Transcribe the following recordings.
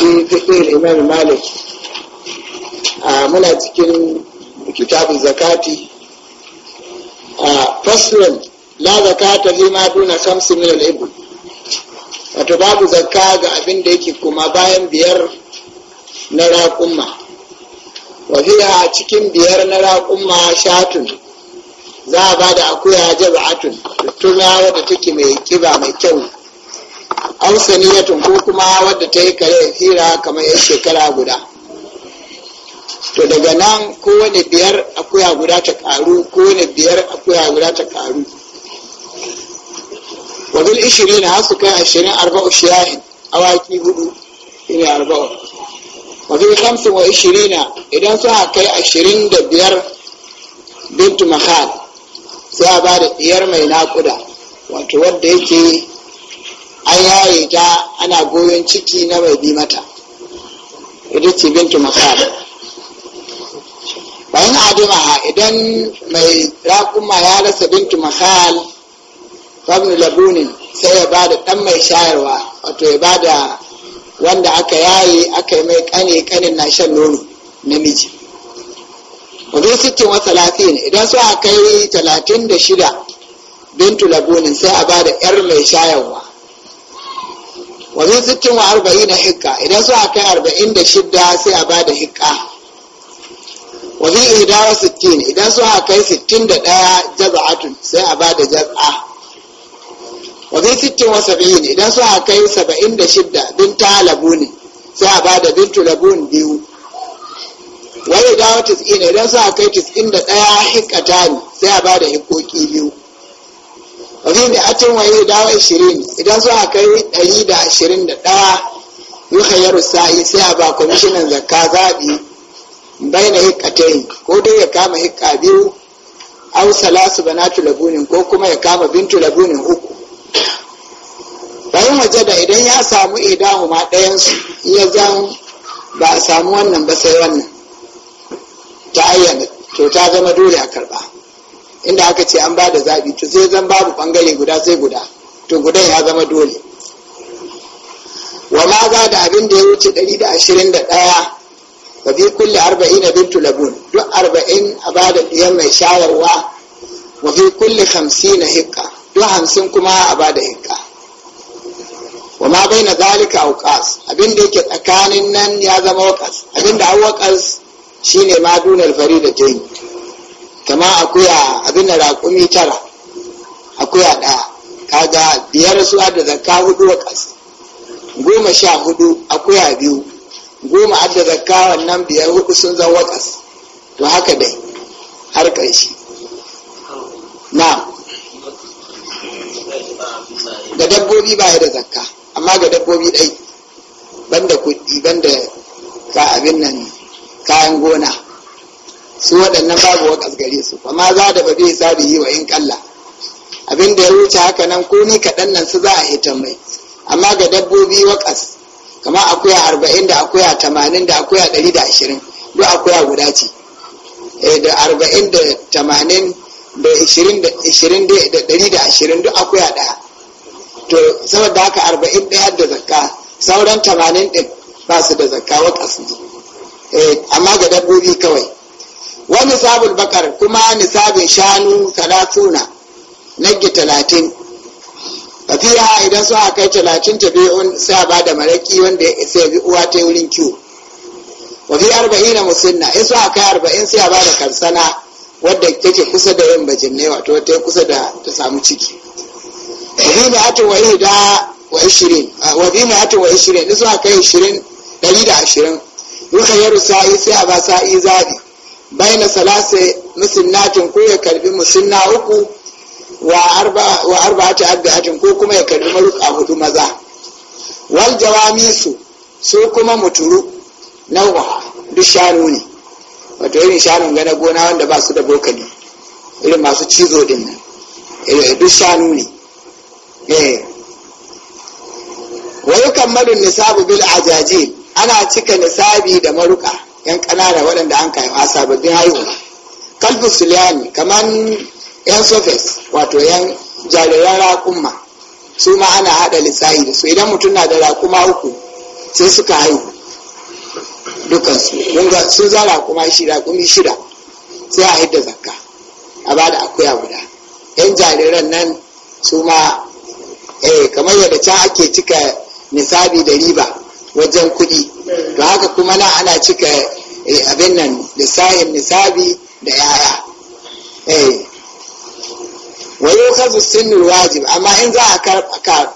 a muna cikin kitabu zakati a faslun la zakata fi ma duna khamsi min al wato babu zakka ga abin da yake kuma bayan biyar na raƙumma wa fiha cikin biyar na raƙumma shatun za a ba da akuya jaba'atun tuttura wadda take mai kiba mai kyau an ya ko kuma wadda ta yi kare hira kamar yan shekara guda to daga nan kowane biyar akuya guda ta karu kowane biyar akuya guda ta karu wabil ishirin na hasu kai ashirin arba'u shiyahin awaki hudu ne arba'u wabil kamsin wa na, idan ha kai ashirin da biyar bintu mahal sai a ba da diyar mai naƙuda wato wadda yake an yaye ta ana goyon ciki na mai bi mata ita ce bintu makar bayan adamaha idan mai raƙuma ya rasa bintu makar fabin labunin sai ya ba da ɗan mai shayarwa wato ya ba da wanda aka yaye aka yi mai kane kanin na shan nono namiji wajen sittin wasa lafiya idan su a kai talatin da shida bintu labunin sai a ba da 'yar mai shayarwa wajen min sittin wa na hikka idan suka kai arba'in da shidda sai a bada hikka wajen min sittin idan suka kai sittin da ɗaya jaba'atun, sai a bada jaz'a wajen min sittin wa saba'in idan suka kai saba'in da shidda bin ta labuni sai a bada bintu labuni biyu wajen ihda tis'in idan suka kai tis'in da ɗaya ne, sai a bada hikoki biyu da atin waye dawa ishirin idan a kai ɗari da 121 yuhayaru sa'i sai a ba kwamishinan zakka zaɓi bai na hikkatai ko dai ya kama hikka biyu au salasu bana tulabunin ko kuma ya kama bin tulabunin uku bayan waje da idan ya samu idanu ma ɗayansu iya zan ba a samu wannan ba sai wannan ta ayyana to ta zama dole a karɓa inda aka ce an ba da zaɓi to sai zan babu ɓangare guda sai guda to gudan ya zama dole wa ma za da abin da ya wuce 121 wa bi kulli 40 bin tulabun, duk 40 a ba da ɗiyar mai shawarwa wa fi kulli 50 hikka duk 50 kuma a ba da hikka wa ma bai na zalika aukas abin da yake tsakanin nan ya zama wakas abin da an wakas shine ma dunar fari da ta yi kama akuya abin raƙumi tara akwai a ɗaya kaga biyar su da zakka hudu a ƙasa goma sha hudu akwai a biyu goma adda zakka wannan biyar hudu sun zan ƙasa to haka dai har ƙarshe na ga dabbobi ba ya da zakka amma ga dabbobi ɗai banda kuɗi banda ka abin nan kayan gona su waɗannan babu waƙas gare su amma za da ba zai sabi yi wa in kalla abin da ya wuce haka nan ko ni kaɗan nan su za a hita mai amma ga dabbobi waƙas, kamar akuya arba'in da akuya tamanin da akuya ɗari da ashirin duk akuya guda ce eh, da arba'in da tamanin da ishirin da ishirin da ɗari da ashirin duk akuya ɗaya to saboda haka arba'in ɗaya da zakka sauran tamanin ɗin ba su da zakka waƙas ne eh, amma ga dabbobi kawai wa nisabul bakar kuma nisabin shanu talatuna nagge talatin fa fiha idan su aka kai talatin tabi'un sai ba da maraki wanda ya isa bi uwa ta wurin kiwo wa fi na musinna in su aka kai arba'in sai ba da karsana wadda take kusa da yin bajinne wato ta kusa da ta samu ciki wa fi ma'atu wa ihda wa ishirin wa fi ma'atu wa ishirin in su aka kai ishirin ɗari da ashirin yuka yaru sa'i sai a ba sa'i zabi baina salase musinnatin ko ya karbi musinna uku wa arba wa arba'ati abdatin ko kuma ya karbi maruka hudu maza wal jawamisu su kuma muturu nawa duk shanu ne wato irin shanun gana gona wanda ba su da bokali irin masu cizo din eh, duk shanu ne eh wa yukammalu nisabu bil ajajil ana cika nisabi da maruka yan kanana waɗanda an ka haifa sababbin haihuwa kalbin suliyani kamar yan sofes wato yan jariran raƙumma su ma ana haɗa lissahi da su idan mutum na da raƙuma uku sai suka haihu dukansu wanda sun za raƙuma shi raƙumi shida sai a hidda zakka a ba da akuya guda yan jariran nan su ma eh kamar yadda can ake cika nisabi da riba wajen kuɗi mm. to haka kuma na ana cika eh, abin nan lissahin nisabi da yaya eh. wayo kazu sinnul wajib amma in za a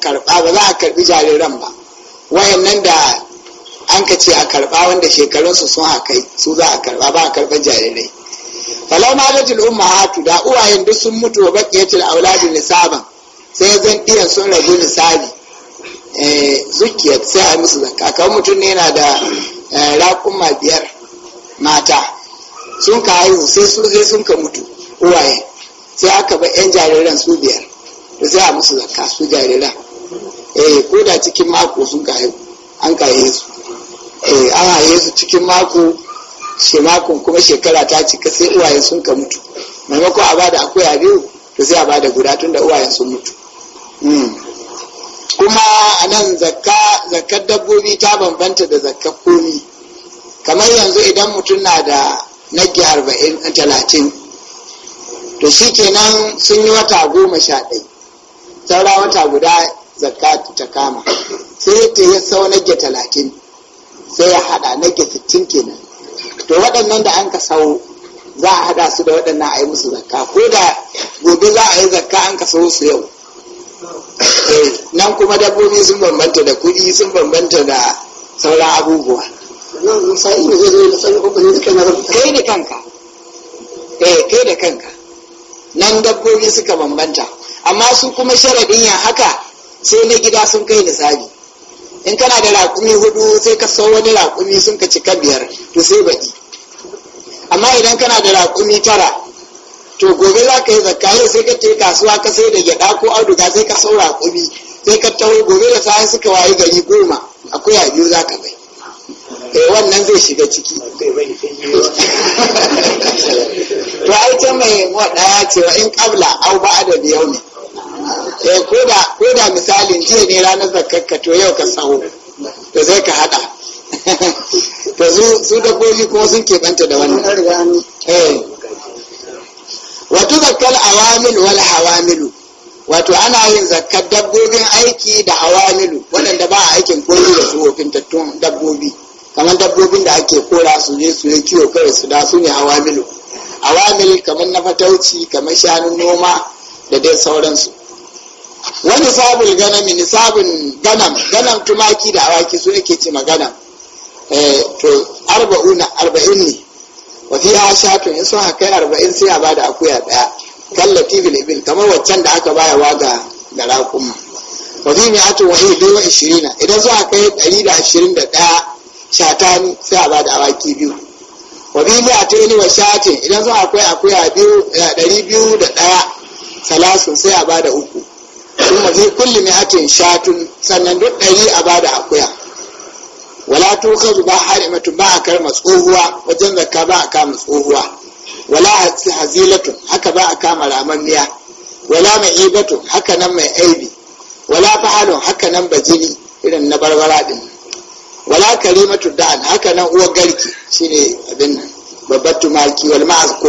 karɓa ba za a karɓi jariran ba wayannan da an ka ce a karɓa wanda shekarunsu sun hakai su za a karɓa ba a karɓar jarirai falau ma rajul ummahatu da uwayen duk sun mutu wa baqiyatul auladi nisaban sai zan iya sun ragu nisabi zukiya sai a musu zakka kawai mutum ne yana da eh, rakuma biyar mata sun ka haihu sai su sai sun ka mutu uwaye sai aka bar yan jariran su biyar to sai a musu zakka su jarira eh ko da cikin mako sun ka haihu an ka su eh an haye su cikin mako shi makon kuma shekara ta cika sai uwaye sun ka mutu maimakon a bada akuya biyu to sai a bada guda tun da uwayen sun mutu hmm. kuma a nan zakkar dabbobi ta bambanta da zakkar komi kamar yanzu idan mutum na da nagi arba'in talatin to shi kenan sun yi wata goma sha ɗai saura wata guda zakka ta kama sai ta yi sau nagi talatin sai ya haɗa nagi sittin kenan to waɗannan da an ka sau za a haɗa su da waɗannan a yi musu zakka ko da gobe za a yi zakka an ka sau su yau Eh, nan kuma dabbobi sun bambanta da kuɗi sun bambanta da sauran abubuwa kai da kanka eh kai da kanka nan dabbobi suka bambanta amma su kuma sharaɗin ya haka sai na gida sun kai sabi in kana da raƙumi hudu sai ka sau wani raƙumi sun ka cika biyar to sai baɗi amma idan kana da raƙumi tara to gobe za ka yi zakka sai ka tai kasuwa ka sai da gyada ko auduga sai ka saura kuɗi sai ka taho gobe da safe suka wayi gari goma akwai a biyu za ka bai eh wannan zai shiga ciki to ai ta mai waɗaya cewa in ƙabla au ba da biyau ne eh ko da misalin jiya ne ranar zakkarka to yau ka saho to zai ka haɗa. to su dabbobi kuma sun keɓanta da wannan wato zakkal awamil wal hawamilu wato ana yin zakkar dabbobin aiki da hawamilu waɗanda ba a aikin koyo da su tattun dabbobi kamar dabbobin da ake kora su je su yi kiwo kawai su da su ne hawamilu Awamil kamar na fatauci kamar shanu noma da dai sauransu wani sabul ganami nisabun ganam ganam tumaki da awaki su ake ce ma ganam to arba'una arba'in ne wa fi ashatun in sun haka arba'in sai a bada akuya daya kallati bil ibil kamar waccan da aka bayarwa ga ga raƙuma wa fi mi'atu wa ibil wa ishirina idan sun haka ɗari da ashirin da ɗaya ni sai a bada awaki biyu wa fi mi'atu wa shatin idan sun akwai akuya biyu eh, ɗari biyu da ɗaya salasun sai a bada uku kuma fi kulli mi'atin shatun sannan duk ɗari a bada akuya wala tukazu ba harimatun ba a karma tsohuwa wajen zakka ba a kama tsohuwa wala hazilatun haka ba a kama ramammiya wala mai ibatun haka nan mai aibi wala fa'alun haka nan bajini irin na barbara din wala kalimatu da'an haka nan uwa garki shine abin nan babbar tumaki wal ma'az ko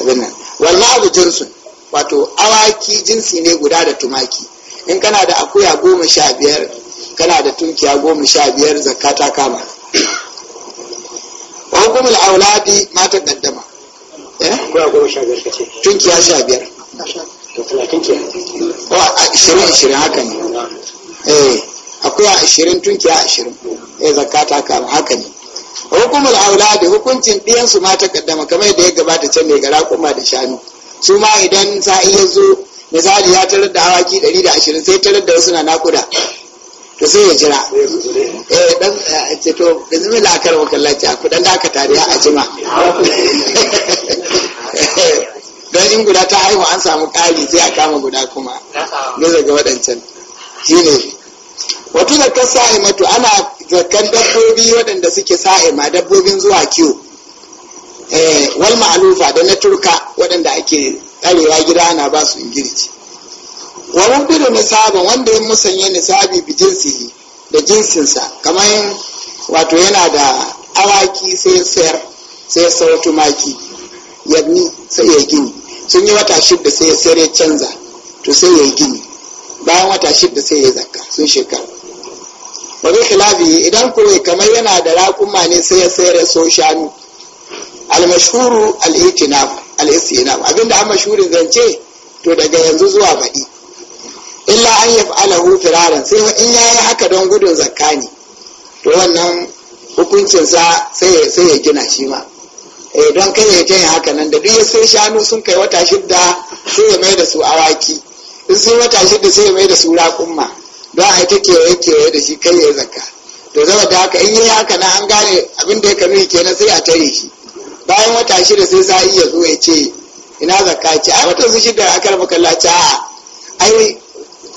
abin nan wal ma'az jinsun wato awaki jinsi ne guda da tumaki in kana da akuya goma sha biyar kana da tunkiya goma sha biyar zakka ta kama wa hukumul auladi ma ta kaddama tunkiya sha biyar ashirin ashirin haka ne eh akwai ashirin tunkiya ashirin eh zakka ta kama haka ne hukumul auladi hukuncin ɗiyansu ma ta kaddama kamar da ya gabata can mai gara kuma da shanu su ma idan sa'i ya zo misali ya tarar da awaki 120 sai tarar da wasu na nakuda to sai ya jira eh dan eh, ce to yanzu mai lakar wakallaci a kudan da aka tare a jima don in guda ta haihu an samu ƙari sai a kama guda kuma ne zaga waɗancan shi ne wato zakar mato ana zakan dabbobi waɗanda suke ma dabbobin zuwa kiwo eh, wal ma'alufa da na turka waɗanda ake tsarewa gida ana ba su wa mubdilu nisabin wanda ya musanya nisabi bi jinsihi da jinsinsa kamar wato yana da awaki sai sayar sai ya sayar tumaki yabni sai ya gini sun yi wata shidda sai ya sayar ya canza to sai ya gini bayan wata shidda sai ya zakka sun shekaru. wa bi khilafi idan kure kamar yana da raƙuma ne sai ya sayar ya so shanu al-mashhuru al-itinaf al-istinaf abinda an mashhurin zance to daga yanzu zuwa baɗi illa an yi alahu firaran sai in ya yi haka don gudun zakka ne to wannan hukuncinsa sai ya gina shi ma eh don kai ya tayin haka nan da duk sai shanu sun kai wata shidda sai ya mai da su awaki in sai wata shidda sai ya mai da su raƙumma don a ta kewaye kewaye da shi kai ya zakka to zama da haka in yi haka nan an gane abin da ya kanu kenan sai a tare shi bayan wata shida sai za iya zo ya ce ina zakka ce a wata su shida a karɓa kallaci ai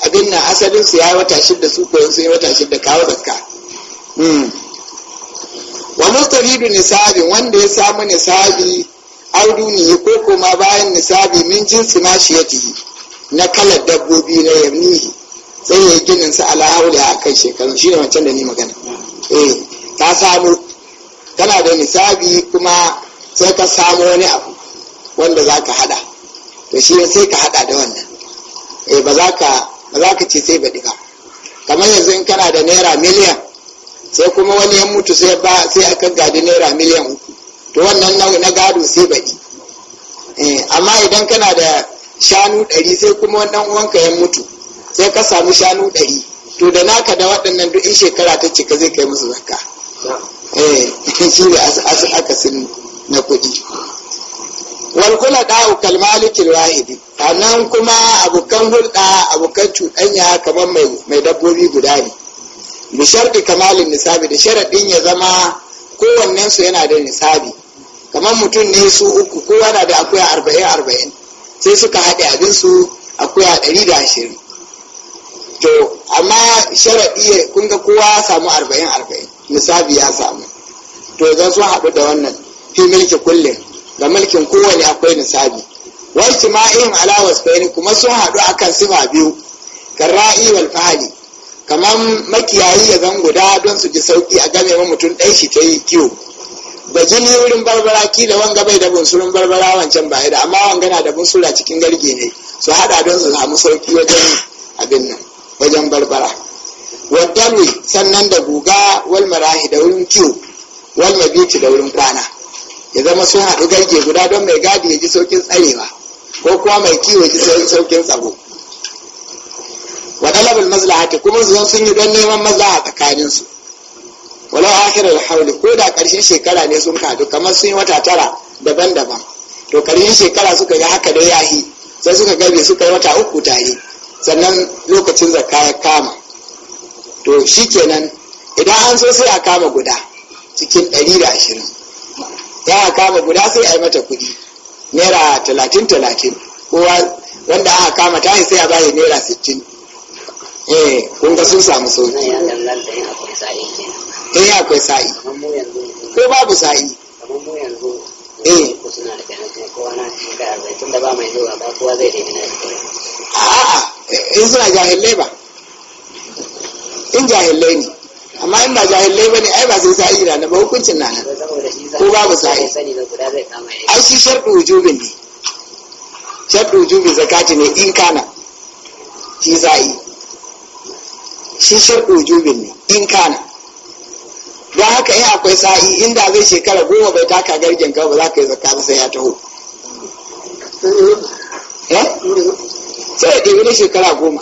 abin na asalin su yayi wata shidda su koyon su yi wata shidda kawo zakka hmm. wa mustaridu nisabi wanda ya samu nisabi auduni ko kuma bayan nisabi min jinsi mashiyatihi na kalar dabbobi na yamnihi sai ya yi ginin sa ala hauli a kan shekaru shi ne wancan da ni magana eh ta samu kana da nisabi kuma sai ka samu wani abu wanda za ka hada to shi sai ka hada da wannan eh ba za ka ba za ka ce sai baɗi ba kamar yanzu in kana da naira miliyan sai kuma wani ya mutu sai ba sai aka gadi naira miliyan uku to wannan na, na gado sai baɗi eh, amma idan kana da shanu ɗari sai kuma wannan uwanka ya mutu sai ka samu shanu ɗari to da naka da waɗannan duk in shekara ta cika zai kai musu zakka eh shi ne akasin na kuɗi wal khulaqa kal malikil wahidi anan kuma abukan hulɗa abukan cuɗanya kamar mai mai dabbobi guda ne bi sharti kamalin nisabi da sharadin ya zama kowannen su yana da nisabi kamar mutum ne su uku kowa na da akuya arba'in arba'in sai suka haɗe abin su akuya ɗari da ashirin to amma sharaɗi kun ga kowa samu arba'in arba'in nisabi ya samu to zan so haɗu da wannan fi milki kullum ga mulkin kowane akwai nisabi wa ijtima'in ala wasfaini kuma sun haɗu akan sifa biyu karra'i wal fahali kamar makiyayi ya zan guda don su ji sauki a game ma mutum ɗan shi ta yi kiwo da jini wurin barbara ki da wanga bai da bunsurin barbara wancan baya da amma wanga na da bunsura cikin garge ne su haɗa don su samu sauki wajen abin nan wajen barbara wadalwi sannan da guga wal marahi da wurin kiwo wal mabiti da wurin kwana ya zama sun haɗu garke guda don mai gadi ya ji saukin tsarewa ko kuma mai kiwo ji saukin tsaro wa labar maslahati kuma su zan sun yi don neman maslaha tsakanin su walau akhirar hauli ko da ƙarshen shekara ne sun kadu kamar sun yi wata tara daban-daban to ƙarshen shekara suka yi haka da yahi sai suka gabe suka yi wata uku tare sannan lokacin zakka ya kama to shi shikenan idan an so sai a kama guda cikin ɗari da ashirin za a kama guda sai a yi mata kuɗi naira talatin talatin kowa wanda aka kama ta sai a bayi naira sittin eh kun ga sun samu sauki eh akwai sa'i ko babu sa'i eh a'a in suna jahilai ba in jahilai ne amma in ba jahilai bane ai ba sai sa'i na ba hukuncin na nan ko babu sa'i ai shi shartu wujubi ne shartu wujubi zakati ne in kana shi sa'i shi shartu wujubi ne in kana don haka in akwai sa'i inda zai shekara goma bai taka garjin ka ba za ka yi zakka ba sai ya taho eh? sai ya ɗebi na shekara goma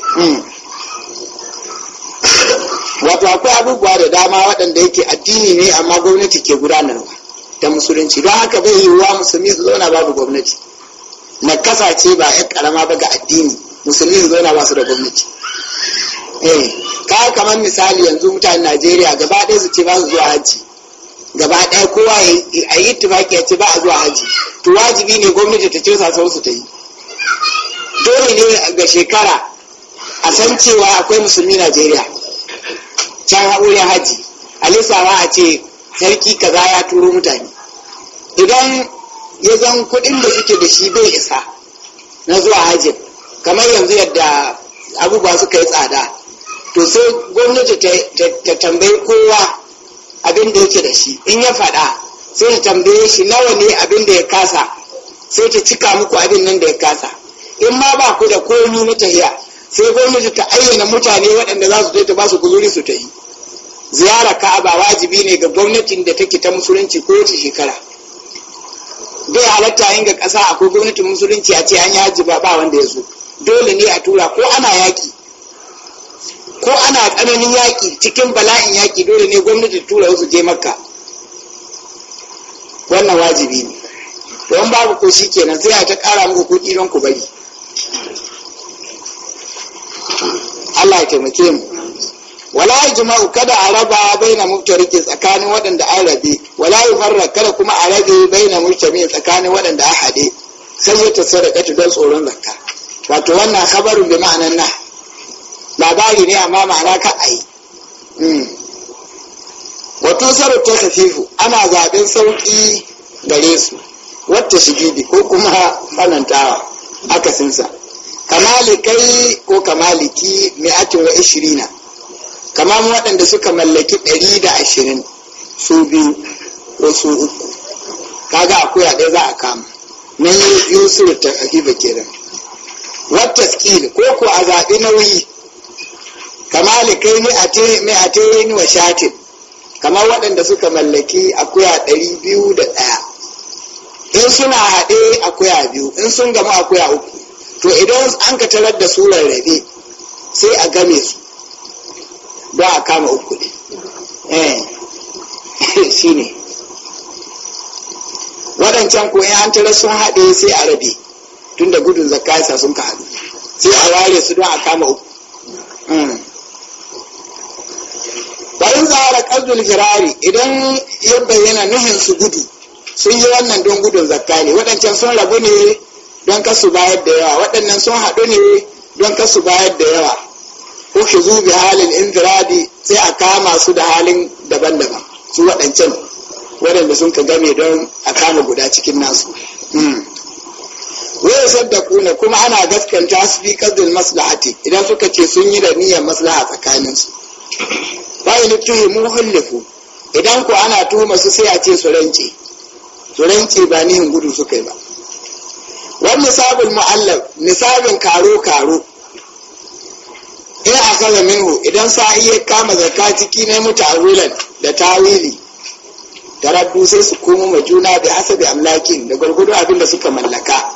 wato akwai abubuwa da dama waɗanda yake addini ne amma gwamnati ke gudanarwa da musulunci don haka bai yiwuwa musulmi su zauna babu gwamnati na kasace ba ya karama ba ga addini musulmi su zauna ba su da gwamnati eh ka kamar misali yanzu mutanen najeriya gaba ɗaya su ce ba su zuwa haji gaba ɗaya kowa a yi tufaki ya ce ba a zuwa haji to wajibi ne gwamnati ta ce sa su ta yi dole ne ga shekara a san cewa akwai musulmi najeriya can ya haji a a ce sarki kaza ya turo mutane idan ya zan kuɗin da suke da shi bai isa na zuwa hajjin kamar yanzu yadda abubuwa suka yi tsada to sai gwamnati ta tambayi kowa abin da yake da shi in ya faɗa sai ta tambaye shi nawa ne abin da ya kasa sai ta cika muku abin nan da ya kasa in ma ba ku da komi na tahiya sai gwamnati ta ayyana mutane waɗanda za su je ta ba su guzuri su ta yi ziyara ba wajibi ne ga gwamnatin da take ta musulunci ko ta shekara bai halatta yin ga ƙasa akwai gwamnatin musulunci a ce an yi ba ba wanda ya zo dole ne a tura ko ana yaƙi ko ana tsananin yaƙi cikin bala'in yaƙi dole ne gwamnati ta tura wasu je makka wannan wajibi ne don babu ko shi kenan sai a ta ƙara muku kuɗi don ku bari Allah ya taimake mu wala jima'u kada a raba baina mutarike tsakanin waɗanda an rabe wala farra kada kuma a rabe baina mutarike tsakanin waɗanda a hade sai ya tasadaka don tsoron zakka wato wannan habarin bi ma'anan na labari ne amma ma'ana ka ai hmm. wato saru ta kafifu ana zaben sauki gare su wata shigidi ko kuma manantawa akasinsa kamalikai ko kamaliki mi'atin wa ishirina kamar waɗanda suka mallaki ɗari da ashirin su biyu ko su uku kaga akwai ɗaya za a kama nan yusuf ta akiba kiran wata skill ko ko a zaɓi nauyi kamalikai mi'atin wa shatin kamar waɗanda suka mallaki akuya ɗari biyu da ɗaya in suna haɗe akuya biyu in sun gama akuya uku to idan an ka tarar da surar rabe sai a game su don a kama uku ne eh shi ne waɗancan ko in an tarar sun haɗe sai a rabe tun da gudun zakka sun ka haɗu sai a ware su don a kama uku hmm. bayan zahara kazdul firari idan yin bayyana nuhin su gudu sun yi wannan don gudun zakka ne waɗancan sun rabu ne don kasu bayar da yawa waɗannan sun haɗu ne don kasu bayar da yawa uku zu bi halin indiradi sai a kama su da halin daban-daban su waɗancan waɗanda sun ka game don a kama guda cikin nasu hmm. wai kuna kuma ana gaskanta su bi qadrin maslahati idan suka ce sun yi da niyyar maslaha tsakanin su fa in mu hullifu idan ku ana tuhuma su sai a ce su rance su rance ba nihin gudu suka yi ba wani nisabin mu'allaf nisabin karo-karo in a minhu idan sa'i ya kama zakka ciki ne muta'awilan da tawili taraddu sai su komo ma juna da hasabi amlakin da gwargwado abin da suka mallaka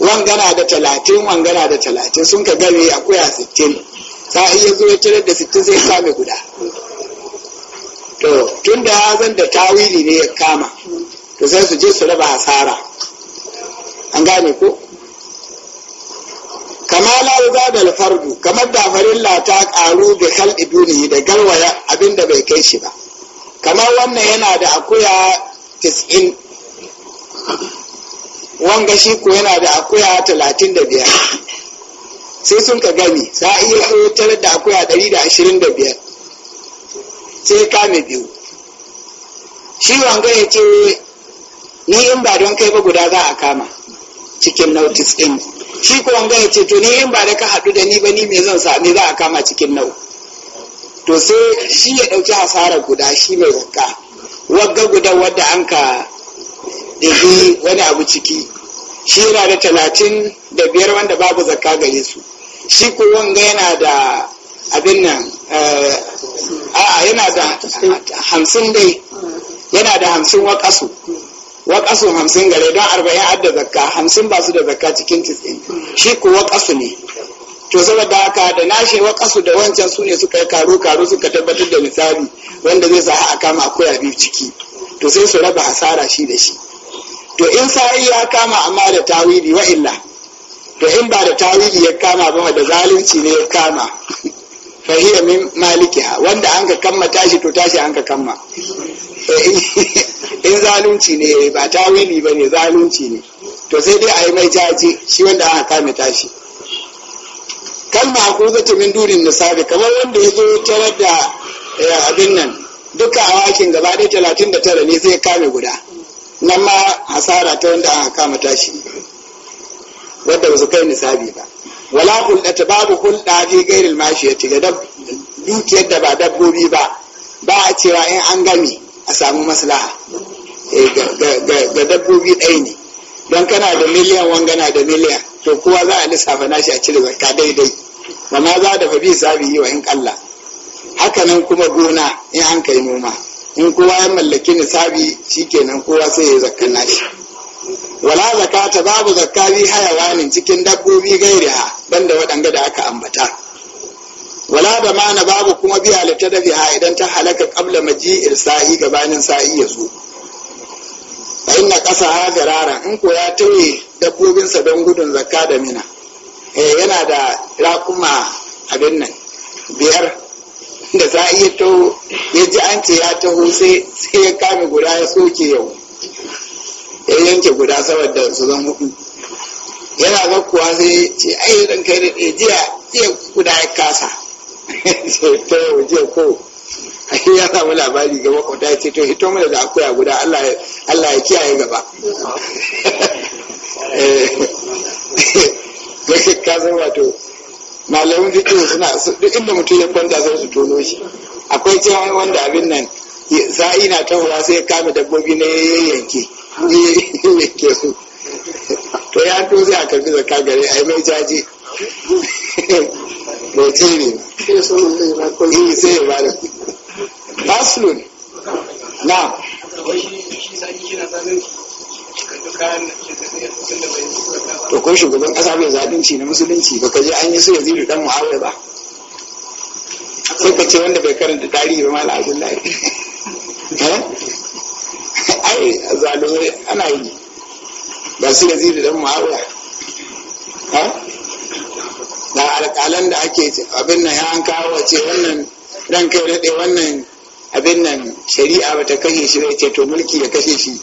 wangana da talatin wangana da talatin sun ka game akuya sittin sa'i ya zo cire da sittin zai kame guda to tun da ya zan da tawili ne ya kama to sai su je su raba hasara an gane ko kama la yubadal fardu kamar da farilla ta karu bi kal dunihi da galwaya abinda bai kai shi ba kamar wannan yana da akuya 90 wanga shi ko yana da akuya 35 sai sun ka gani sa iya tsotar da akuya 125 sai kame biyu shi wanga ya ce ni in ba don kai ba guda za a kama cikin notice in shi ko wanga ya ce to ni in ba da ka haɗu da ni ba ni me zan sami za a kama cikin nau to sai shi ya ɗauki hasarar guda shi mai zakka wagga guda wadda an ka ɗabi wani abu ciki shi yana da talatin da biyar wanda babu zakka gare su shi ko wanga yana da abin nan eh, a'a yana da hamsin dai yana da hamsin wakasu. wa kasu hamsin gare don arba'in adda zakka hamsin ba su da zakka cikin tisin shi wa kasu ne to saboda haka da nashi wa kasu da wancan su ne suka yi karo karo suka tabbatar da misali wanda zai sa a kama akuya biyu ciki to sai su raba hasara shi da shi to in sa'i ya kama amma da tawili wa illa to in ba da tawili ya kama ba da zalunci ne ya kama fahiya min malikiha wanda an ka kamma tashi to tashi an ka kamma eh, in zalunci ne eh, ba wili ba ne zalunci ne to sai dai a yi mai caji shi wanda aka kame tashi kalma a zata min durin nisabi kamar wanda ya zo tarar da eh, abin nan duka a awakin gaba ɗaya talatin da tara ne sai kame guda nan ma hasara ta wanda aka kama tashi wadda ba su kai nisabi ba wala hulɗata babu hulɗa fi gairil tiga da dukiyar da ba dabbobi ba ba a cewa in an gami a samu maslaha eh, ga dabbobi ɗaya ne don kana da miliyan wangana da miliyan to kowa za a lissafa nashi a cire zakka daidai ba ma za da bi sabi yi wa in kalla haka nan kuma gona in an kai noma in kowa ya mallaki shi kenan kowa sai ya zakka nashi wala zakata babu zakari hayawanin cikin dabbobi ha banda waɗanga da aka ambata wala da mana babu kuma biya litadafiha idan ta halaka kabla maji irsa'i gabanin sa'i ya zo ina ƙasa ha zarara in ko ya tauye dabbobinsa don gudun zakka da mina eh yana da raƙuma abin nan biyar da sa'i ya taho ya ji an ce ya taho sai sai ya kame guda ya soke yau ya yanke guda saboda su zan hudu yana ga kuwa sai ce ai ran kai da jiya jiya guda ya kasa to jiya ko ai ya samu labari ga makwata ta ce to hito mu da akuya guda Allah ya kiyaye gaba eh ka san wato malamin fiqh suna duk inda mutum ya kwanta sai su tono shi akwai cewa wanda abin nan sa'i na tahowa sai ya kama dabbobi na yayyanke ne ke to ya to zai a karbi zaka gare ai mai jaji bauce ne yi eh, sai ya bada baslun na to ko shugaban kasa bai zalunci na musulunci ba ka je an yi su yazidu dan mu'awiya ba sai ka ce wanda bai karanta tarihi ba mala lai eh? ai zalumai ana yi ba su dan da alƙalan da ake abin nan ya an kawo ce wannan ran kai daɗe wannan abin nan shari'a ba ta kashe shi ba ce to mulki ya kashe shi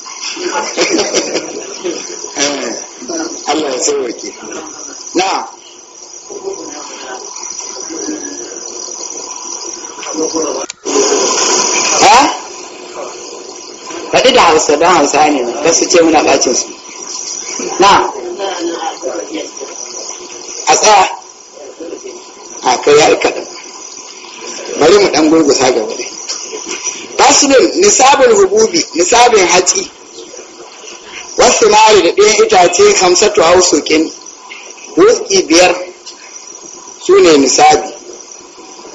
eh, Allah ya sauwake na faɗi da hausa don hausa ne ba su ce muna ɓacin su na a tsaya a kai ya kaɗan bari mu ɗan gurgusa gaba dai fasulun nisabin hububi nisabin hatsi wasu mari da ɗayan itace hamsatu a sokin wuski biyar su ne nisabi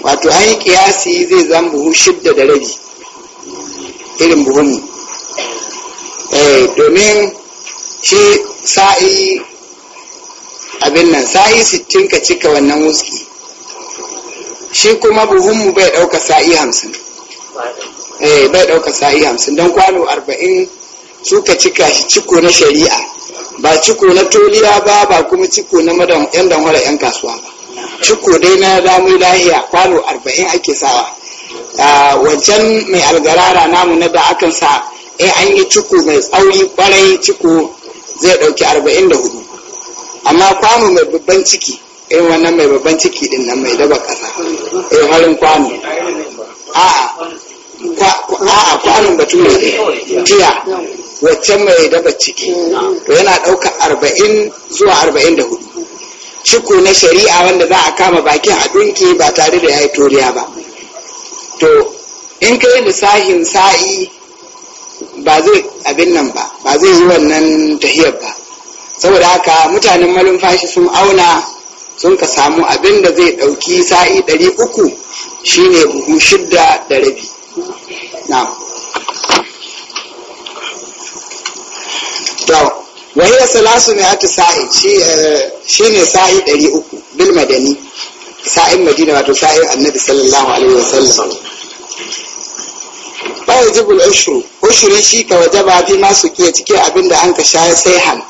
wato an yi kiyasi zai zan buhu shidda da rabi irin buhunni. Eh, domin shi sa'i abin nan sa'i sittin ka cika wannan wuski shi kuma buhunmu bai ɗauka sa'i hamsin eh, bai ɗauka sa'i hamsin don kwano arba'in ka cika shi ciko na shari'a ba ciko na toliya ba ba kuma ciko na yan damwara yan kasuwa ba ciko dai na damu lahiya kwano arba'in ake sawa ah, wancan mai algarara namu na da akan sa eh an yi ciko mai tsauri kwarai ciko zai ɗauki arba'in da hudu amma kwano mai babban ciki irin wannan mai babban ciki din nan mai daba ƙasa eh harin kwano a'a a kwanon batu ne tiya waccan mai daba ciki to yana ɗaukar 40 zuwa arba'in da hudu ciko na shari'a wanda za a kama bakin a dunki ba tare da ya yi toriya ba to in kai lissahin sa'i ba zai abin nan ba ba zai yi wannan tahiyar ba saboda haka mutanen malumfashi sun auna sun ka samu abin da zai ɗauki sa'i ɗari uku shine buhu shidda da rabi na wahiyar salasu mai hatu sa'i shi eh, ne sa'i ɗari uku bil madani sa'in madina wato sa'in annabi sallallahu alaihi wasallam ba jibul ushru ushuri shi ka waje fi masu kiya cikin abin da an ka sha sai han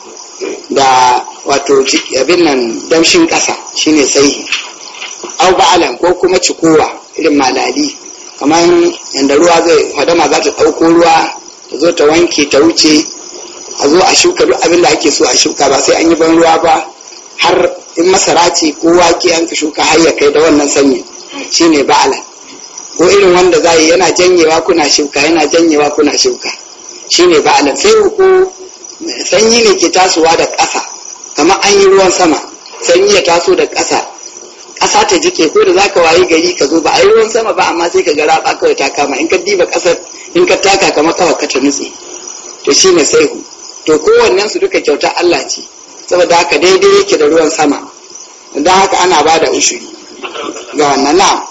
da wato abin nan damshin kasa shine sai au ba'alan ko kuma cikowa irin malali kamar yadda ruwa zai hadama za ta ɗauko ruwa ta zo ta wanke ta wuce a zo a shuka duk abin ake so a shuka ba sai an yi ban ruwa ba har in masara ce ko wake an ka shuka har ya kai da wannan sanyi shine ba'alan ko irin wanda za yi yana janyewa kuna shuka yana janyewa kuna shuka ne ba alam sai ku sanyi ne ke tasowa da ƙasa kamar an yi ruwan sama sanyi ya taso da ƙasa ƙasa ta jike ko da zaka wayi gari ka zo ba a yi ruwan sama ba amma sai ka ga raba kawai ta kama in ka diba ƙasar in ka taka kamar kawai ka ta nutse to ne sai ku to kowannen su duka kyauta Allah ce saboda haka daidai yake da ruwan sama don haka ana ba da ushuri ga wannan na'am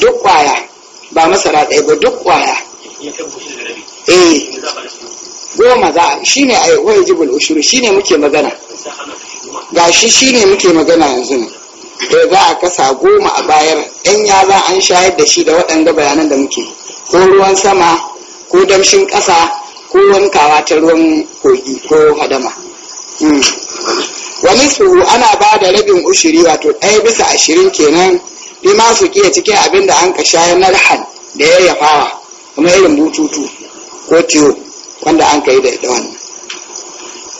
duk kwaya ba masara ɗaya ba duk kwaya eh goma za shi ne a jibul ushuru shi ne muke magana ga shi shi ne muke magana yanzu ne da za a kasa goma a bayar ɗan za an shayar da shi da waɗanda bayanan da muke ko ruwan sama ko damshin ƙasa ko wankawa ta ruwan kogi ko hadama hmm. wa nisfuhu ana ba da rabin ushiri wato ɗaya bisa ashirin kenan ma su kiya cikin abin da an ka shayar na rahan da ya yafawa kuma irin bututu ko tiyo wanda an ka yi da ita wannan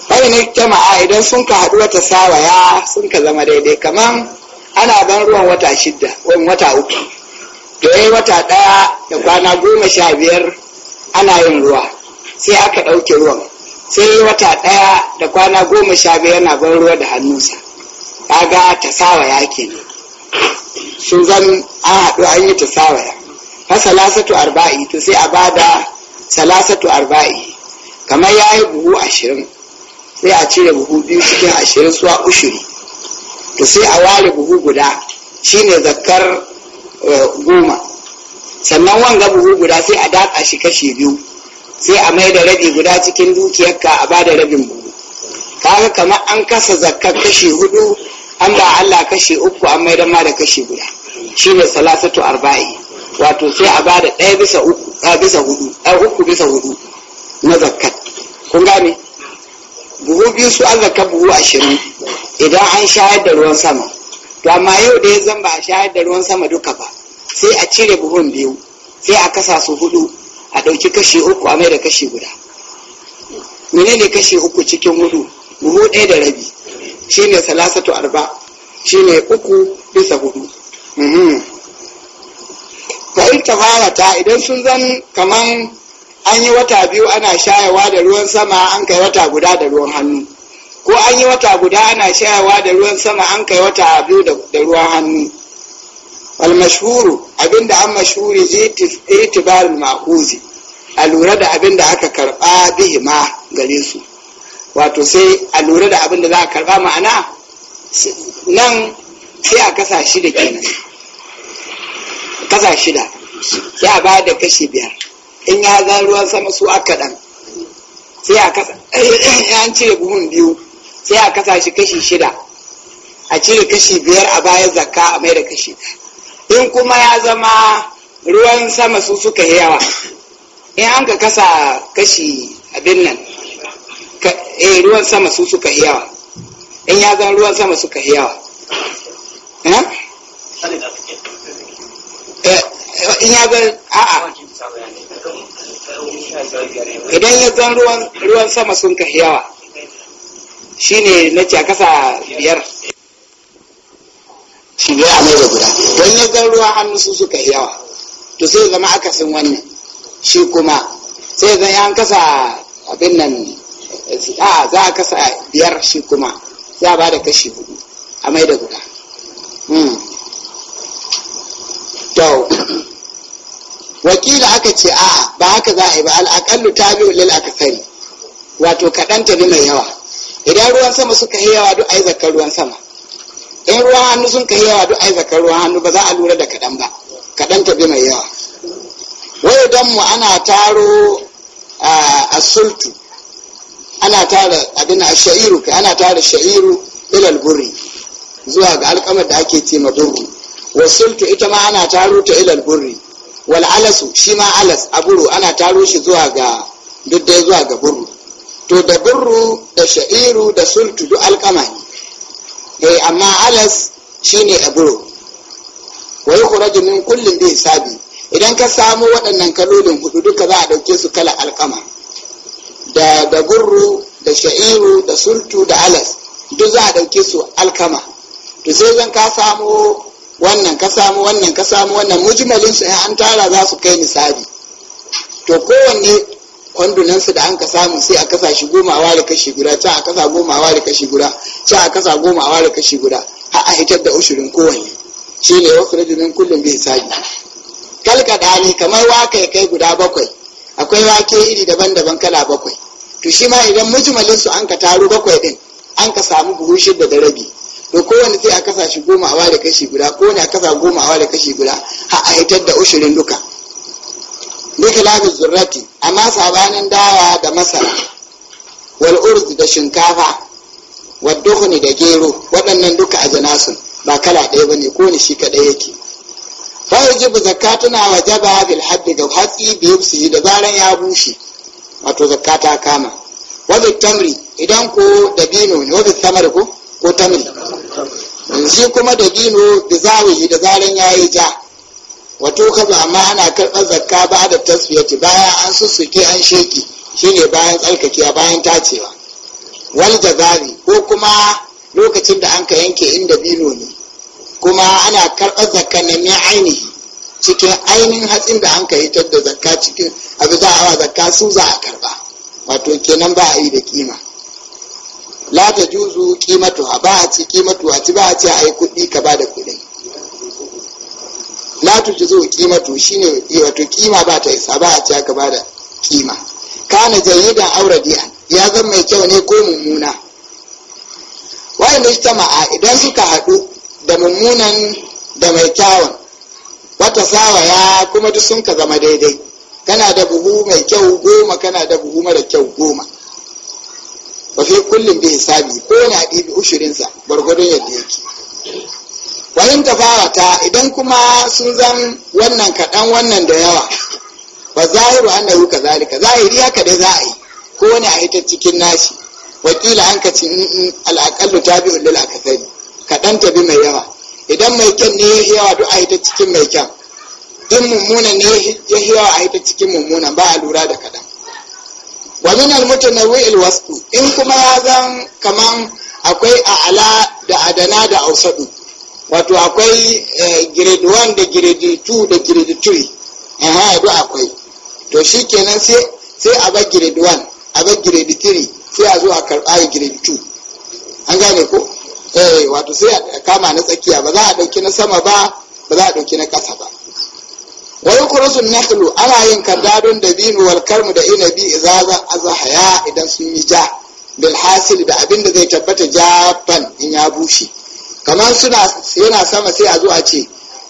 wani ne jama'a idan sun ka haɗu wata sawaya sun ka zama daidai kamar ana ban ruwan wata shida ko wata uku da ya wata ɗaya da kwana goma sha biyar ana yin ruwa sai aka ɗauke ruwan sai wata ɗaya da kwana goma sha biyu yana ban ruwa da hannunsa ya ke ne sun zan an haɗu an yi ya fa salasatu arba'i to sai a bada salasatu arba'i kamar ya yi buhu ashirin sai a cire buhu biyu cikin ashirin suwa ushiri to sai a ware buhu guda shine zakar eh, goma sannan wanga buhu guda sai a datsa shi kashi biyu sai a mai da rabi guda cikin dukiyarka a ba da rabin buhu kaga kamar an kasa zakka kashi hudu an ba Allah kashi uku an mai da ma da kashi guda ne salasatu arba'i wato sai a ba da ɗaya bisa uku a bisa hudu a uku bisa hudu na zakka kun gane buhu biyu su an zakka buhu ashirin idan an shayar da ruwan sama to amma yau da ya zan ba a shayar da ruwan sama duka ba sai a cire buhun biyu sai a kasa su hudu a ɗauki kashi uku a mai da kashi guda menene kashi uku cikin hudu buhu ɗaya da rabi Shi ne salasatu arba ne uku bisa hudu mhm. fa'il ta idan sun zan kaman an yi wata biyu ana shayawa da ruwan sama an kai wata guda da ruwan hannu ko an yi wata guda ana shayawa da ruwan sama an kai wata biyu da ruwan hannu والمشهور أبند عن مشهور اعتبار da الورد aka karba bihi ma gare su, wato sai a lura da abin da za a karba ma'ana nan sai a kasa shida kenan kasa shida sai a bayar da kashi biyar in ya zan ruwan sama su aka dan sai a kasa an cire buhun biyu sai a kasa shi kashi shida a cire kashi biyar a bayar zakka a mai da kashi in kuma ya zama ruwan sama su suka yawa in an ka kasa kashi abin nan eh ruwan sama su suka yawa in ya zama ruwan sama suka yawa eh? Eh, in ya zan a'a idan ya zan ruwan sama sun ka yawa shi ne na ce kasa biyar gangan ruwa hannu su suka yi yawa to sai zama akasin wannan shi kuma sai zan yan kasa abin nan a za a kasa biyar shi kuma za a ba da kashi hudu a mai da guda hmm. wakila aka ce a ba haka za a yi ba al'akallu ta biyu lil akasari wato kaɗan ta mai yawa idan ruwan sama suka yi yawa duk a yi zakar ruwan sama in ruwan hannu sun yi yawa duk aizakar ruwan hannu ba za a lura da kaɗan ba kaɗan ta bi mai yawa wai don mu ana taro a sultu ana tara abin a sha'iru kai ana tara sha'iru ilal buri zuwa ga alkamar da ake ce maduru wa sultu ita ma ana taro ta ilal buri. wal alasu shi ma alas a buru ana taro shi zuwa ga duk dai zuwa ga buru to da buru da sha'iru da sultu duk alkama eh amma alas shine aburo wa yukhraju min kullin bi hisabi idan ka samu waɗannan kalolin hudu duka za a ɗauke su kala alkama da da gurru da sha'iru da sultu da alas duk za a ɗauke su alkama to sai zan ka samu wannan ka samu wannan ka samu wannan mujmalin su an tara za su kai nisabi to kowanne su da an ka samu sai a kasa shi goma a ware kashi guda ta a kasa goma a ware kashi guda ta a kasa goma a ware kashi guda har a hitar da ushirin kowanne shi ne wasu rajumin kullum bai sa'i kalka ne kamar waka ya kai guda bakwai akwai wake iri daban-daban kala bakwai to shi ma idan mujmalin su an ka taru bakwai din an ka samu buhu shidda da rabi to kowanne sai a kasa shi goma a ware kashi guda kowanne a kasa goma a ware kashi guda har a hitar da ushirin duka likilafi zurrati amma sabanin dawa da masara wal da shinkafa wal da gero waɗannan duka a janasun ba kala ɗaya bane ko ni shi kaɗai yake fa yajibu zakatuna wa bil haddi ga hatsi biyu su da zaran ya bushe wato zakata kama wabi tamri idan ko dabino ne wabi Tamar ko ko tamri shi kuma dabino da zawihi da zaran yayi ja wato kaza amma ana karɓar zakka ba da tasfiyati bayan an sussuke an sheki shine bayan tsarkakewa bayan tacewa wal jazari ko kuma lokacin da an ka yanke inda bino ne kuma ana karɓar zakka na mai ainihi cikin ainihin hatsin da an ka hitar da zakka cikin abu za a hawa zakka su za a karɓa wato kenan ba a yi da kima la ta juzu kimatu ba a ci kimatu a ci ba a ce a yi kuɗi ka ba da kuɗi la tujzu qimatu shine eh, wato kima ba ta isa ba a ci aka da kima kana jayyidan auradiyan ya zama mai kyau ne ko mumuna? mummuna wa'inda a idan suka haɗu da mummunan da mai kyawun wata ya kuma duk sun ka zama daidai kana da buhu mai kyau goma kana da buhu mara kyau goma ba fi kullum bai hisabi ko na ɗibi ushirinsa gwargwadon yadda yake wayin ta idan kuma sun zan wannan kaɗan wannan da yawa ba zahiru an da ruka zalika zahiri haka dai za a yi ko wani a ita cikin nashi wakila an ka ci mm, mm, al'akallu ta bi ulil akasari kaɗan ta bi mai yawa idan mai kyan ne ya yawa duk a ita cikin mai kyan in mummuna ne ya yawa a ita cikin mummuna ba a lura da kaɗan wa min al wasu in kuma ya zan kaman akwai a'ala da adana da ausadu wato akwai eh, grade 1 da grade 2 da grade 3 aha haɗu akwai to shi kenan sai a bar grade 1 a bar grade 3 sai a zo a karɓa grade 2 an gane ko eh wato sai a kama na tsakiya ba za a ɗauki na sama ba ba za a ɗauki na ƙasa ba wani kurusun naklu ana yin kardadun da binu wal karmu da inabi izaza azahaya idan sun yi ja bil hasil da abin da zai tabbata japan in ya bushe kamar suna yana sama sai a a ce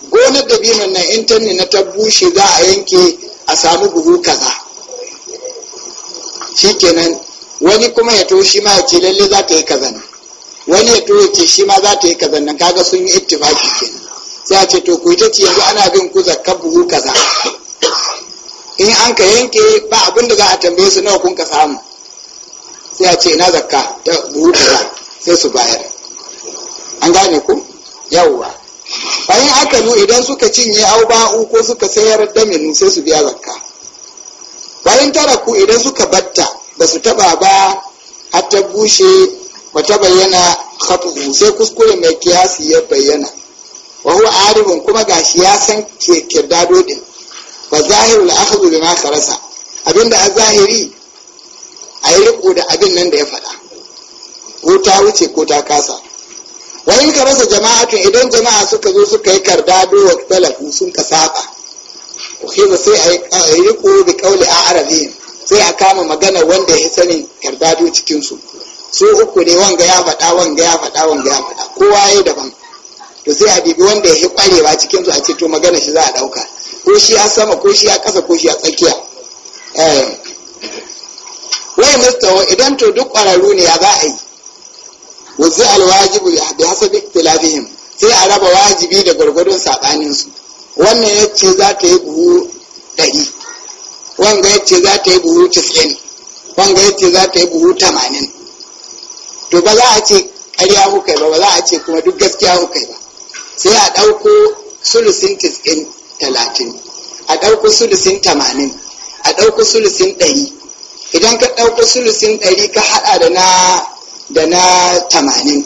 gonar dabinon nan in na ta bushe za a yanke a samu buhu kaza shikenan wani kuma ya to shi ma ya ce lalle za ta yi kazan wani ya to ya ce shi ma za ta yi kazan nan kaga sun yi ittifaki kenan sai a ce to ku ita ce yanzu ana bin ku zakka buhu kaza in an ka yanke ba abin da za a tambaye su nawa kun ka samu sai a ce ina zakka ta buhu kaza sai su bayar an gane ku yawwa bayan aka nu idan suka cinye au ba'u ko suka sayar da minu sai su biya zakka bayan tara ku idan suka batta ba su taba ba har ta bushe ba ta bayyana khatu sai kuskure mai kiyasi ya bayyana wa huwa aribun kuma gashi ya san kirdado din fa zahirul akhdhu bima kharasa abinda a zahiri a yi riko da abin nan da ya faɗa ko ta wuce ko ta kasa wa in karasa jama'a idan jama'a suka zo suka yi kardado wa talafu sun ka saba ukhidha sai a yi ko bi a a'rabin sai a kama magana wanda ya sani kardado cikin su su uku ne wanga ya faɗa wanga ya faɗa wanga ya faɗa kowa ya daban to sai a bibi wanda ya kwarewa cikin su a ce to magana shi za a ɗauka ko shi a sama ko shi a ƙasa ko shi a tsakiya eh. wai mustawa idan to duk ƙwararru ne ya za a yi wasu alwajibu bi duk ikhtilafihim sai a raba wajibi da gwargwadon saɓaninsu. Wannan ya ce za ta yi buhu ɗari, wanga ya ce za ta yi buhu tis'in, wanga ya ce za ta yi buhu tamanin. to ba za a ce ƙarya kuka ba ba za a ce kuma duk gaskiya kuka ba sai a ɗauko sulusin tis'in talatin a ɗauko sulusin tamanin a ɗauko sulusin ɗari idan ka ɗauko sulusin ɗari ka haɗa da na da na tamanin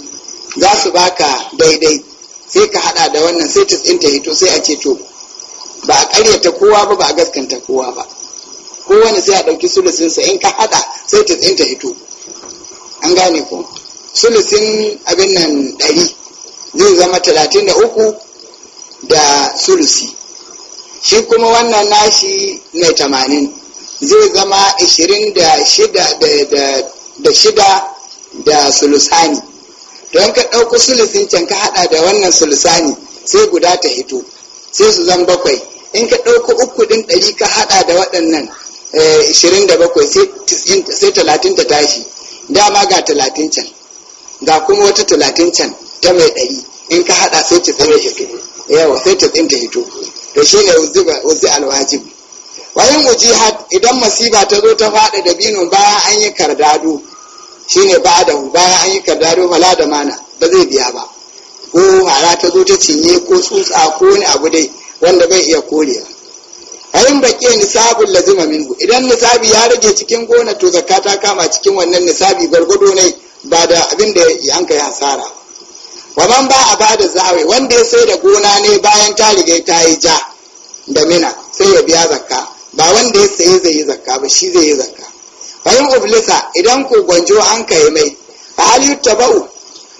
za su baka daidai sai ka hada da wannan sai tis ta hito sai a ce ba a karyata kowa ba ba a gaskanta kowa ba kowane sai a ɗauki sulusinsa in ka hada sai tis ta hito an gane ko sulusin abin nan ɗari zai zama talatin da uku da sulusi shi kuma wannan nashi mai tamanin zai zama ashirin da da shida da sulusani don ka ɗauko sulusin can ka haɗa da wannan sulusani sai guda ta hito sai su zan bakwai in ka ɗauko uku ɗin ɗari ka haɗa da waɗannan eh, ishirin da bakwai sai talatin ta tashi dama ga talatin can ga kuma wata talatin can ta mai ɗari in ka haɗa sai ta zama hito yawa sai ta tsinta hito to shi ne wuzi alwajib wayan ujihat idan masiba ta zo ta faɗa da binu bayan an yi kardado shine ba da bayan an yi kardaro mala da mana ba zai biya ba ko hara ta zo ta cinye ko tsutsa ko wani abu dai wanda bai iya korewa ayin baƙe nisabin lazima minhu idan nisabi ya rage cikin gona to zakka ta kama cikin wannan nisabi gargado ne ba da abin da an kai hasara wa man ba a bada zawe wanda ya sai da gona ne bayan ta riga ta yi ja da mina sai ya biya zakka ba wanda ya sai zai yi zakka ba shi zai yi zakka fahim ublisa idan ku gwanjo an kai mai a hali taba'u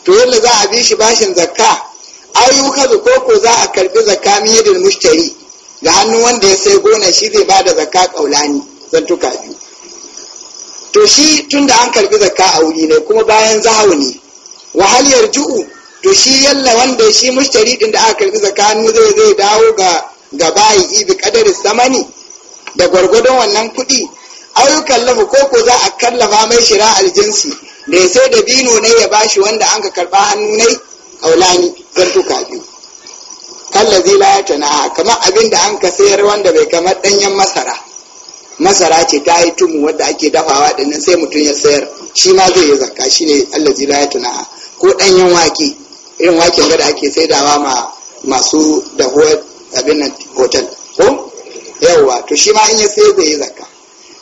to yalla za a bi shi bashin zakka ayyuka ko koko za a karbi zakka min yadin mushtari ga hannun wanda ya sai gona shi zai bada zakka kaulani zantuka biyu to shi tun da an karbi zakka a wuri ne kuma bayan zahawu ne wahaliyar ju'u to shi yalla wanda shi mushtari din da aka karbi zakka hannu zai zai dawo ga ga bayi ibi kadari samani da gwargwadon wannan kuɗi ayu kallafu ko ko za a kallafa mai shira aljinsi da ya sai da bino ne ya bashi wanda an ka karba hannu ne kaulani zantuka biyu kallazi la ya tana kamar abin da an ka sayar wanda bai kamar danyen masara masara ce ta yi tumu wadda ake dafawa dinnan sai mutum ya sayar shi ma zai yi zakka shi ne allazi la ya tana ko danyen wake irin wake da ake saidawa ma masu dahuwar abin nan hotel ko yawwa to shi ma in ya sayar zai yi zakka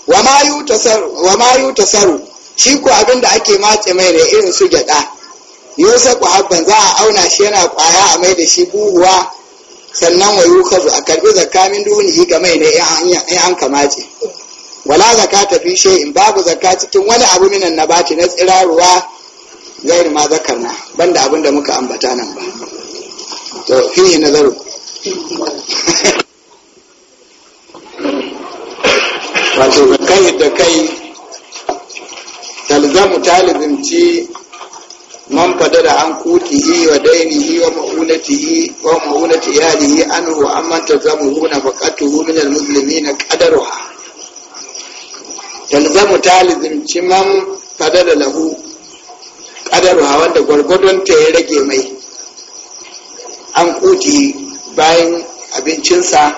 wa mayu saru, shi ko abin da ake matse mai ne irin su gyada Yusuf ku habban za a auna shi yana kwaya a mai da shi buhuwa sannan wa yukazu a karbi zakka min yi ga mai ne in an kamace wala zaka ta fi in babu zaka cikin wani abu minan nabati na tsiraruwa gairi ma ban banda abin da muka ambata nan ba to fi nazaru wato ka kai da kai talzamu ci man fada da an yi wa yi wa yi wa ma'unati ruwa an manta zamu huna na huminar min na kadarwa talzamu ci man fada da lahu kadarwa wanda gwargwadon ta ya rage mai an kuti bayan abincinsa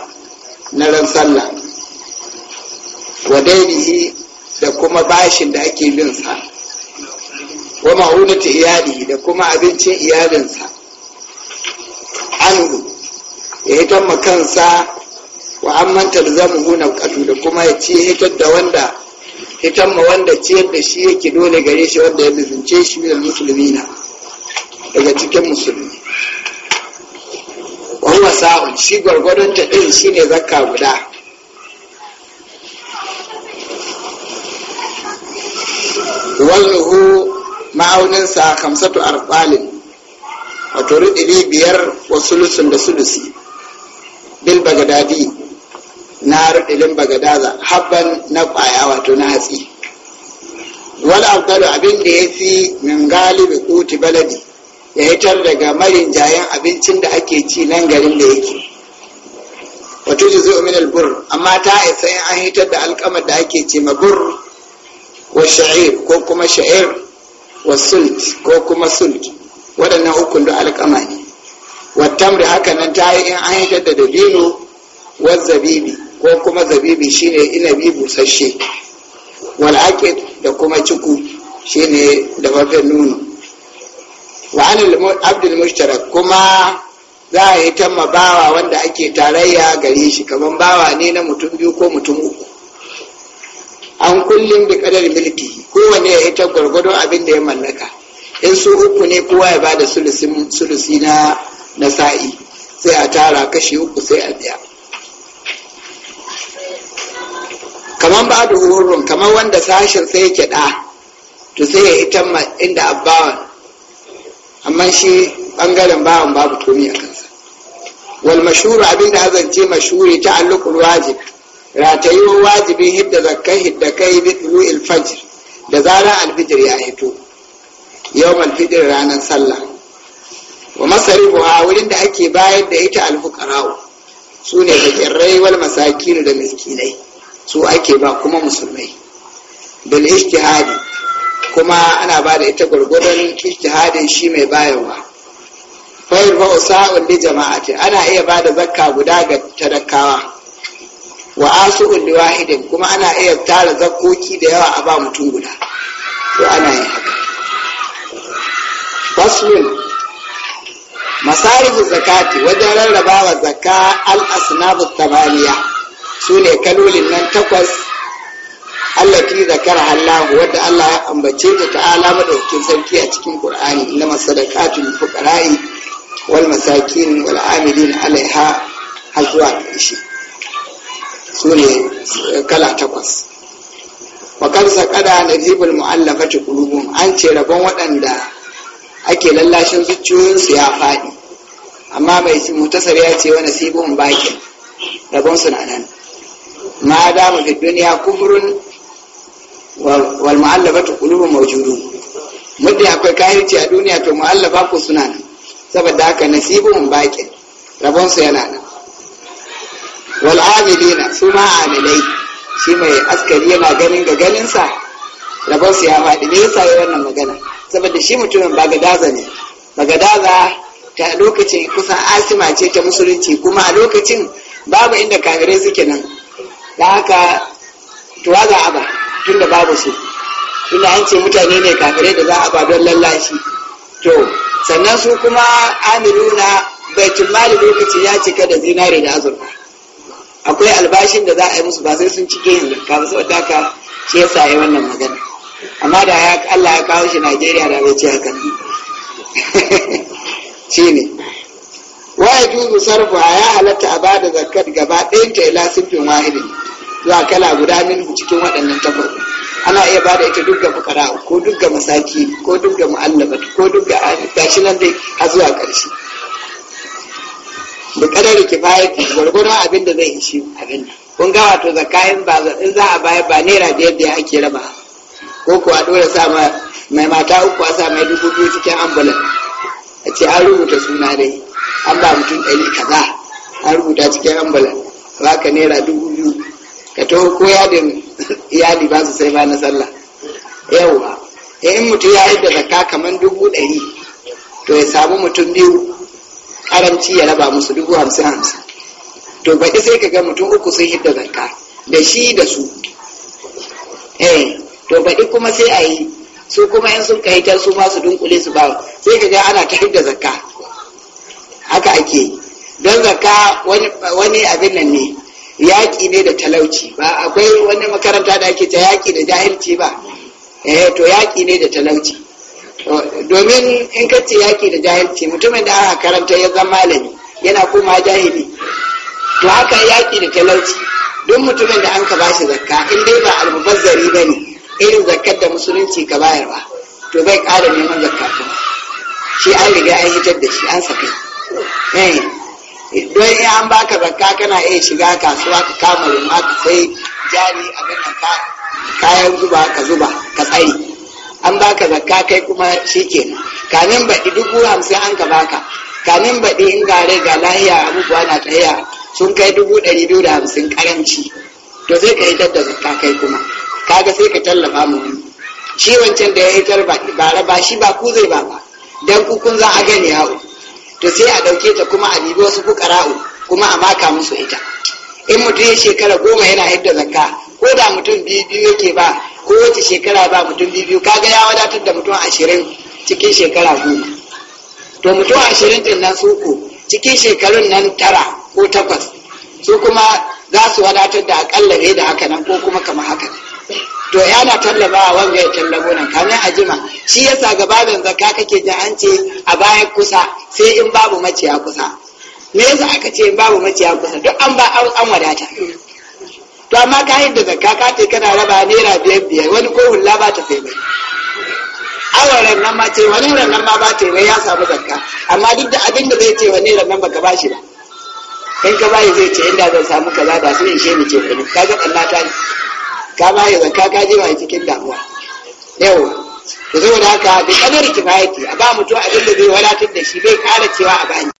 na ran sallah wa da kuma bashin da ake bin sa wa ma'unati iyali, da kuma abincin iyalinsa anu ya hitar ma kansa wa an da zamu huna katu da kuma ya ce hitar da wanda hitar ma wanda ciyar da shi yake dole gare shi wanda ya bizince shi da musulmi na daga cikin musulmi wa huwa sa'un shi gwargwadon ta din shine zakka guda wazuhu ma'auninsa kamsatu arqalin wato riɗiri biyar wa sulusun da sulusi bil bagadadi na rudilin bagadaza habban na ƙwaya wato na hatsi wal abdalu abin da ya fi min galibi kuti baladi ya hitar daga marin jayen abincin da ake ci nan garin da yake wato jizo min albur amma ta isa in an hitar da alkamar da ake ce ma bur wa sha'ir ko kuma sha'ir wa sult ko kuma sult waɗannan ukun da alƙama ne wa haka nan ta yi in an da dabino wa zabibi ko kuma zabibi shine inabi busasshe wal da kuma ciku shine dafaffen nono wa anil abdul mushtarak kuma za a yi tamma bawa wanda ake tarayya gare shi kamar bawa ne na mutum biyu ko mutum uku an kullum da kadar milki kowane ya ita gwargwadon abin da ya mallaka in su uku ne kowa ya bada sulusi na sa'i sai a tara kashi uku sai a biya kamar ba da hurun kamar wanda sashen sai ya kiɗa to sai ya ita inda abbawan amma shi bangaren bawan babu komi a kansa wal mashuru abin da azance mashuri ta allukul wajib ratayuwar wajibin hidda zakka hidda kai bi tulu da zara alfijir ya hito yau alfijir ranar sallah wa masarifu a wurin da ake bayar da ita alfuqara'u su ne fakirrai wal masakin da miskinai su ake ba kuma musulmai bil ijtihadi kuma ana ba da ita gwargwadon ijtihadin shi mai bayarwa fayar ba'u sa'un li jama'ati ana iya ba da zakka guda ga talakawa wa asu'un li wahidin kuma ana iya tara zakkoki da yawa a ba mutum guda to ana yin haka faslun masarifu zakati wajen rarrabawa zakka al asnabu tabaniya su kalolin nan takwas allati zakar hallahu wadda Allah ya ambace ta ta'ala madaukin sarki a cikin Qur'ani inna lil fuqara'i wal masakin wal amilin alaiha har zuwa su ne eh, kala takwas wakar kada na jibin mu'allafati kulubun an ce rabon waɗanda ake lallashin zuciyoyinsu ya faɗi amma mai mutasar ya ce wani sibin bakin rabonsu na nan ma dama fi duniya kufurun wal mu'allafatu qulubun mawjudun muddin akwai kayarci a duniya to mu'allafa ku suna nan saboda haka nasibun bakin rabonsu yana nan wal'amilina su ma amilai shi mai askari yana ganin ga ganinsa rabon su ya faɗi me yasa yi wannan magana saboda shi mutumin bagadaza ne bagadaza ta lokacin kusan asima ce ta musulunci kuma a lokacin babu inda kafirai suke nan da haka tuwaza aba tunda babu su tunda an ce mutane ne kafirai da za a ba don lallashi to sannan su kuma amiluna baitul mali lokacin ya cika da zinare da azurfa akwai albashin da za a yi musu ba sai sun ci yin ka ba saboda haka shi yasa yi wannan magana amma da ya Allah ya kawo shi Najeriya da bai ci haka shi ne wa yajuzu sarfu ya halatta a bada zakat gaba ɗayan ta ila sifin wahidin zuwa kala guda min cikin waɗannan takwas ana iya bada ita duk ga fukara ko duk ga masaki ko duk ga mu'allafa ko duk ga gashi nan dai a zuwa ƙarshe da kadari kifayati gwargwadon abin da zai ishi abin kun ga wato zakayin ba in za a baya ba naira biyar da ake raba ko kuwa dole sa mai mata uku a sa mai dubu biyu cikin ambulan a ce an rubuta suna dai an ba mutum ɗari kaza an rubuta cikin ambulan ba ka naira dubu biyu ka to ko yadin iyali ba su sai ba na sallah yawwa in mutum ya yi da zaka kamar dubu ɗari to ya samu mutum biyu karanci ya raba musu dubu hamsin hamsin to baɗi sai ka ga mutum uku sun hidda zakka da shi da su eh to baɗi kuma sai a yi su kuma in sun kahitar su ma su dunkule su ba sai ka ga ana ta hidda zakka haka ake don zakka wani abin nan ne yaƙi ne da talauci ba akwai wani makaranta da ake ta yaƙi da jahilci ba eh to yaƙi ne da talauci domin in ka ce yaki da jahilci mutumin da aka karanta ya zama malami yana koma jahili to haka yaki da talauci duk mutumin da an ka bashi zakka in dai ba almubazzari ba ne irin zakkar da musulunci ka bayarwa to bai ƙara neman zakka kuma shi an riga an hitar da shi an saka eh, don in an baka zakka kana iya shiga kasuwa ka kama rumma ka sai jari abin da kayan zuba ka zuba ka tsari an baka zakka kai kuma shi kenan Kanin baɗi dubu hamsin an ka baka kamin baɗi in gare ga lahiya abubuwa na tsaya sun kai dubu ɗari biyu da hamsin karanci to sai ka hitar da zakka kai kuma kaga sai ka tallafa mu shi wancan da ya hitar ba ba shi ba ku zai ba dan ku kun za a gani yawo to sai a ɗauke ta kuma a bibi wasu bukarau kuma a maka musu ita in mutum ya shekara goma yana hidda zakka ko da mutum biyu biyu yake ba ko wace shekara ba mutum biyu biyu kaga ya wadatar da mutum ashirin cikin shekara goma to mutum ashirin din nan su ko cikin shekarun nan tara ko takwas su kuma za su wadatar da akalla ne da haka nan ko kuma kamar haka to yana tallaba a wanga ya tallabo nan Kamar a jima shi yasa gabanin zakka kake jin an ce a baya kusa sai in babu maciya kusa me yasa aka ce in babu maciya kusa duk an ba an wadata to amma ka yi da zakka ka ce kana raba naira biyar biyar wani ko hulla ba ta sai bai awaren nan ma ce wani ran nan ma ba ta yi ya samu zakka amma duk da abin da zai ce wani ran nan baka bashi ba Kan ka bayi zai ce inda zan samu kaza da sun ishe ni ce kudi ka ga ɗan ta ka bayi zakka ka je ba cikin damuwa yau da saboda haka da kadar kifayati a ba mutum abin da zai wadatar da shi bai kara cewa a bani